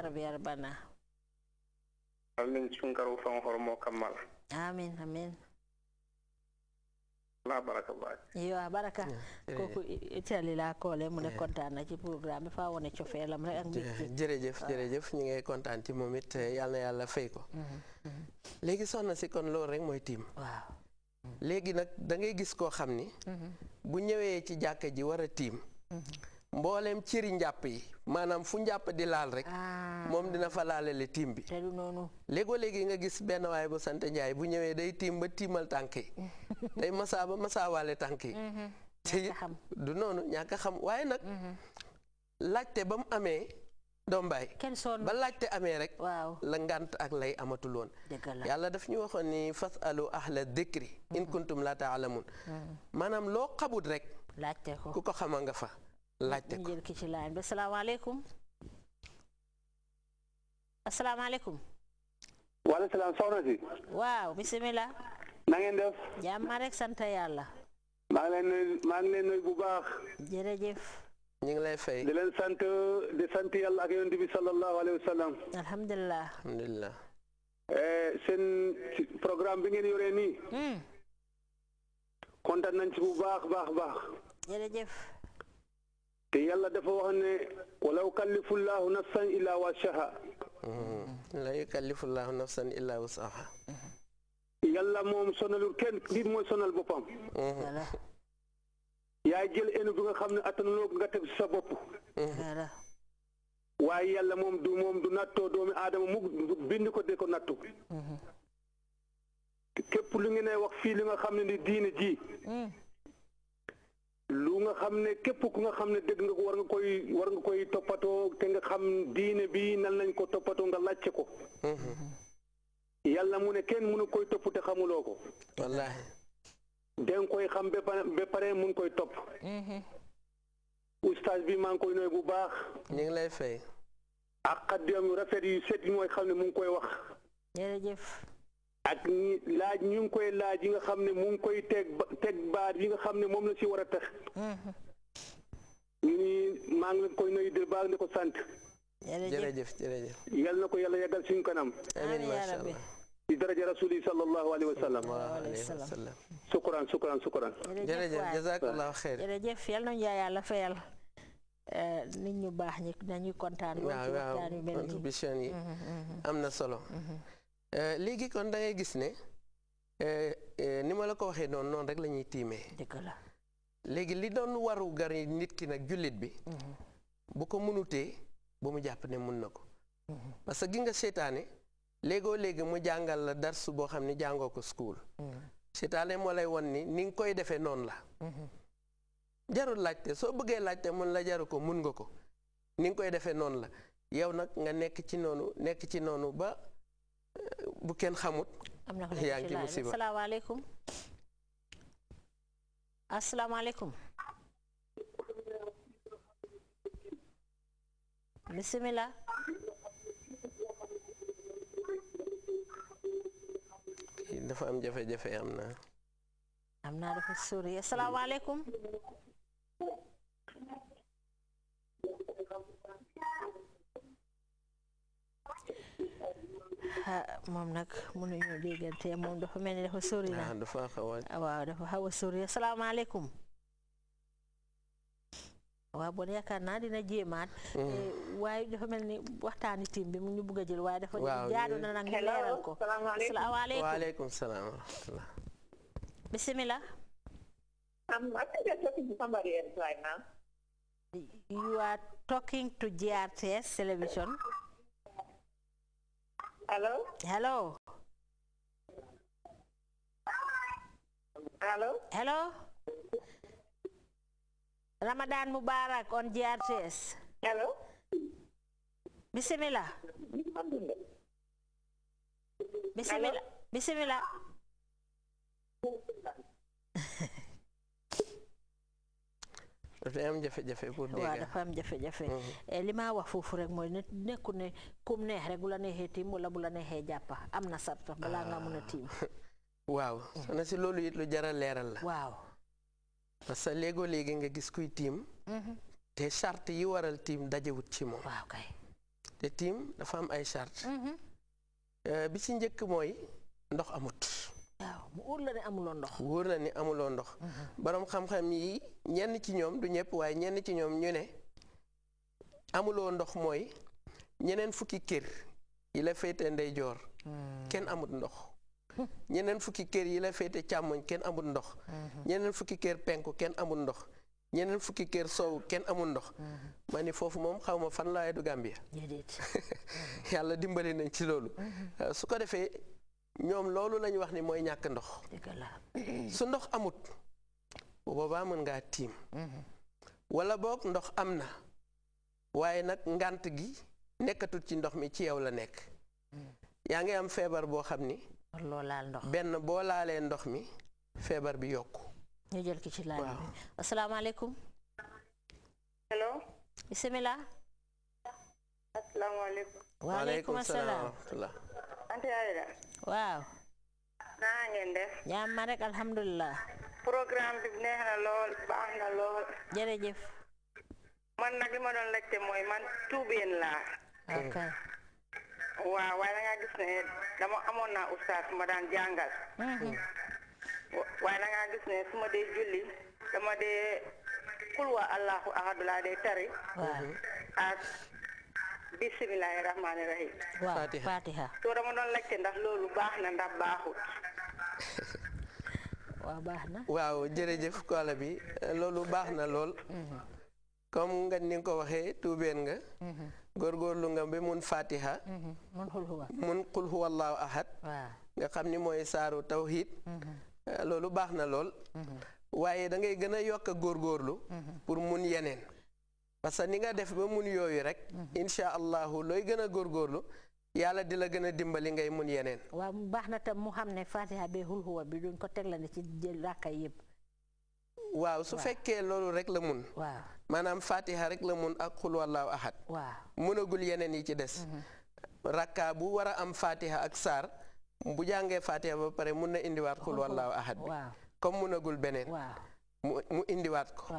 arbiyar bana amin cikin karo fan hormo kamal amin amin nah, la iya, baraka ba ya, yo baraka ko ya. ko itali la ko le mu ne ya. content na ci programme fa wone ci felam rek ak mbik gitu. jerejef jerejef ah. ñi ngay content ci momit yalla eh, yalla fay ko mhm, mhm. legi sonna si kon lool rek moy tim waaw léegi nag da ngay gis koo xam mhm. bu ñëwee ci jàkka ji war a tiim ciri njàpp yi maanaam fu njàpp di laal rek ah. moom dina fa laalale tiim bi léegoo léegi nga gis benn waay bu sant Njaay bu ñëwee day tiim ba tiimal tànk yi day masaa ba masaawaale tànk yi mhm. te du noonu ñàkk a xam waaye nag mhm. laajte ba mu amee dombaay ba laajte amee rek la ngant ak lay amatul woon yàlla daf ñu waxoon ni fas alu ahla dikri mhm. in kuntum la taalamun maanaam loo xabut rek ku ko xama nga fa laajte ko salaamaaleykum asalaamaaleykum. waaleykum salaam soxna si. waaw bisimilah. na ngeen def. jàmm rek sant yàlla. maa ngi leen nuyu maa ngi leen bu baax. jërëjëf. ñu ngi lay fay. di leen sant di sant yàlla ak yonent bi sallallahu alayhi wa sallam. alhamdulilah. alhamdulilah. Eh, seen programme bi ngeen yoree nii. Hmm. kontaan nañ ci bu baax baax baax. jërëjëf. te yàlla dafa wax ne wala yukallifu llaahu nafsan illaa wasaha mm-hmm. la yukallifu nafsan illaa wasaha mm-hmm. yàlla moom sonalul kenn nit mooy sonal boppam mm-hmm. yaa jël enu bi nga xam ne attanuloo nga teg sa bopp waaye yàlla moom du moom du nattoo doomi aadama mu bind ko de nattu képp lu ngeen ne wax fii li nga xam ne ni ji mm. xam ne képp ku nga xam ne dégg nga ko war nga koy war nga koy toppatoo te nga xam diine bi nan lañ ko toppatoo nga laajte ko mm-hmm. yàlla mu ne kenn mënu koy topp te xamuloo ko wallaahi den koy xam ba pare mun koy topp mm-hmm. ustaas bi maa ngi koy nooy bu baax ñu ngi lay fay ak xaddiyam yu rafet yu set yi mooy xam ne mu ngi koy wax ak laaj ñu ngi koy laaj yi nga xam ne mu ngi koy teg teg baat yi nga xam ne moom la si war a tax mm-hmm. ñu ni maa ngi leen koy nuyu di baax di ko sant jërëjëf jërëjëf yal na ko yàlla yàggal suñu kanam amiin macha allah ci daraja rasuli sallallahu alayhi wa sallam wasallam sukuran sukuran sukuran yàlla fayal eh, nit ñu baax ñi nañuy kontaan yi mm-hmm, mm-hmm. am na solo Euh, léegi kon dangay gis ne euh, euh, ni ma la ko waxee noonu noonu rek lañuy ñuy léegi li doon waru gar nit ki nag jullit bi. Mhm. bu ko mënutee bu mu jàpp ne mun na ko. Mhm. parce que gi nga seetaane léegoo léegi mu jàngal la darsu boo xam ne jàngoo ko school. Mhm. seetaane moo lay won ni ni nga koy defee noonu la. jarul laajte soo bëggee laajte mun la jaru ko mun nga ko ni nga koy defee noonu la yow nag nga nekk ci noonu nekk ci noonu ba. bu kenn xamut yaa ngi musiba asalaamaaleykum asalaamaaleykum bisimila dafa am jafe-jafe am na am naa dafa sori asalaamaaleykum moom nag mënuñu déggante moom dafa mel ni dafa sori na ah, dafa xaw a waaw dafa xaw a sori asalaamaaleykum waaw bon yaakaar naa dina jéemaat mm. eh, waaye dafa mel ni waxtaani tiim bi mu ñu bugg a jël waaye dafa jaadu na nag ñu leeral ko salaamaaleykum waaleykum salaam You are talking to GRTS television. Halo. Halo. Halo. Halo. Ramadan Mubarak on GRCS. Hello? Bismillah. Bismillah. Bismillah. dafa am jafe-jafe pour dégg waaw am jafe-jafe mm-hmm. eh, li maa wax foofu rek mooy ne nekku ne kum neex rek bu la neexee tiim wala bu la neexee jàppa am na sarta balaa nga mun a tiim ah. waaw soxna si loolu it lu jara leeral la waaw parce que léegoo léegi nga gis kuy tiim mm-hmm. te charte yi waral tiim dajewut ci moom waaw kay te tiim dafa am ay charte mm-hmm. eh, bi ci njëkk mooy ndox amut wóor la ne amuloo ndox. wóor la ni amuloo ndox. Mm-hmm. boroom xam-xam yi ñenn ci ñoom du ñëpp waaye ñenn ci ñoom ñu ne amuloo ndox mooy ñeneen fukki kër yi la féete ndeyjoor. Mm. kenn amut ndox. ñeneen fukki kër yi la féete càmmoñ kenn amul ndox. Mm-hmm. ñeneen fukki kër penku kenn amul ndox. ñeneen fukki kër soow kenn amul ndox. Mm-hmm. ma foofu moom xaw ma fan laay du Gambia. yàlla dimbali nañ ci loolu. su ko defee ñoom loolu lañ wax ni mooy ñàkk ndox su ndox amut bu boobaa mën ngaa tiim mm-hmm. walla boog ndox am na waaye nag ngànt gi nekkatul ci ndox mi ci yow la nekk mm. yaa ngi am feebar boo xam ni laal ndox benn boo laalee ndox mi feebar bi yokku ñu jël ki ci laaj bi asalaamaaleykum hello bismillah asalaamaaleykum waaleykum salaam wow waw nagen def ñamma alhamdulillah bi neex na lool baax na lool man nag li ma doon laajte man tuubeen laa ok waaw waaye da ngaa gis ne dama amoon naa ustaas ma daan jàngal hmm. waaye da ngaa gis ne su ma julli dama tari bisimilahi rahmaani rahim waaw fatiha soo dama doon laajte ndax loolu baax na ndax baaxut waaw baax na waaw jërëjëf koala bi loolu baax na lool mhm. comme nga ni nga ko waxee tuubeen nga mhm. góorgóorlu nga ba mun fatiha mhm. mun qul huwa allahu ahad nga xam ni mooy saaru tawhid eh, loolu baax na lool waaye da ngay gën a yokk góor góorgóorlu pour mun yeneen parce que ni nga def ba mun yooyu rek. Mhm. incha allahu looy gën a góorlu yàlla di la gën a dimbali ngay mun yeneen. waaw baax na tam mu xam ne Fatiha bee hul huwa bi duñ ko teg la ne ci làkka yëpp. waaw su fekkee loolu rek la mun. waaw maanaam Fatiha rek la mun ak xul wallaahu ahad. waaw munagul yeneen yi ci des. Mhm. rakka bu war a am Fatiha ak saar bu jàngee Fatiha ba pare mun na indiwaat xul wallaahu ahad bi. comme munagul beneen. mu indiwaat ko.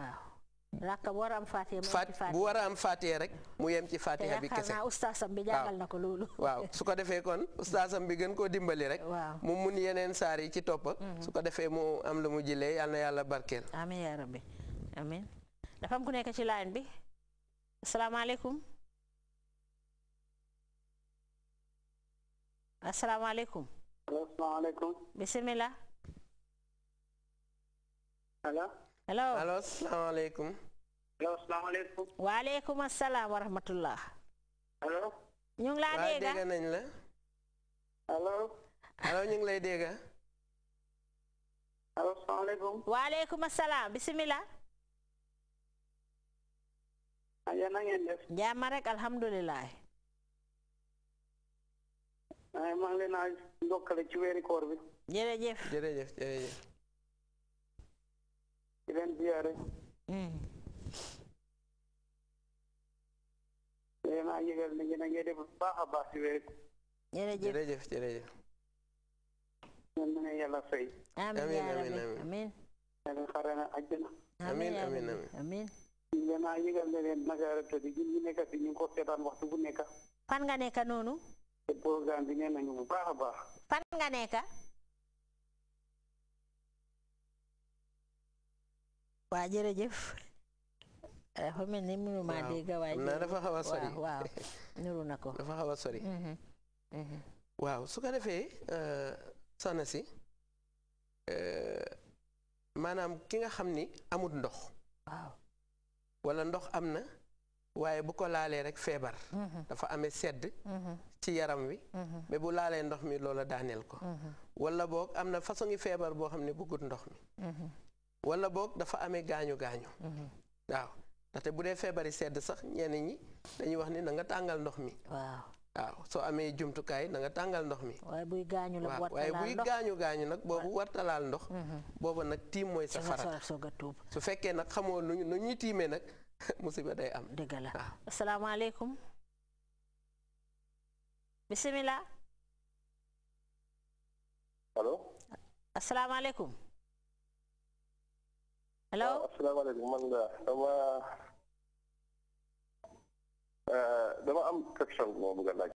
rakka bu war a am faatiha rek mu yem ci faatiha bi kese ustaasam bi jàngal na ko loolu waaw su ko defee kon ustaasam bi gën koo dimbali rek mu mun yeneen saar yi ci topp mhm. su ko mu am lu mu jilee yal na yàlla amin ya rabbi amin dafa am ku nekk ci line bi asalaamaaleykum asalaamaaleykum asalaamaaleykum bisimilah. allo hello allo salaamaaleykum. allo salaamaaleykum. waaleykum asalaam wa ñu ngi laa ah? dégg nañ la. allo. allo ñu ngi lay dégg. allo ah? salaamaaleykum. waaleykum asalaam bisimilah. aja ah, na ngeen def. jaama rek alhamdulilah. maa ngi leen a ndokkale ci weeri koor bi. jërëjëf jërëjëf di leen ziyaare léegi mm. maa yëgal ni ngeen a ngi def bu baax a baax ci wér jërëjëf jërëjëf jërëjëf ñun mu ne yàlla fay amiin amiin amiin yàlla xare na àjjana amiin amiin amiin léegi maa yëgal ne leen nagaara tëdd gi ñu nekk fi ñu ko seetaan waxtu bu nekk fan nga nekk noonu te programme bi na nañu bu baax a baax fan nga nekk waa jërëjëf eh, dafa mel dafa xaw a sori waaw dafa xaw a sori mhm. Mhm. waaw su ko defee eh, soxna si eh, maanaam ki nga xam ni amut ndox waaw ndox am na waaye bu ko laalee rek feebar mhm. dafa amee sedd ci yaram wi mais bu laalee ndox mi loola daaneel ko wala boog am na façon ngi feebar boo xam ne bëggut ndox mi wala boog dafa amee gaañu gaañu. waaw ndaxte bu dee feebari sedd sax ñenn ñi dañuy wax ni na nga tàngal ndox mi. waaw soo amee jumtukaay na nga tàngal ndox mi. waaye buy gaañu la wartalaal ndox waaye gaañu nag boobu wartalaal ndox. Mhm. booba nag tiim mooy sa farata su fekkee nag xamoo nu nu ñuy tiimee nag musiba day am. dëgg la asalaamaaleykum. bisimilah. allo. asalaamaaleykum. hello asalaamaaleykum man la dama eh, dama am question bu ma bëgg a laaj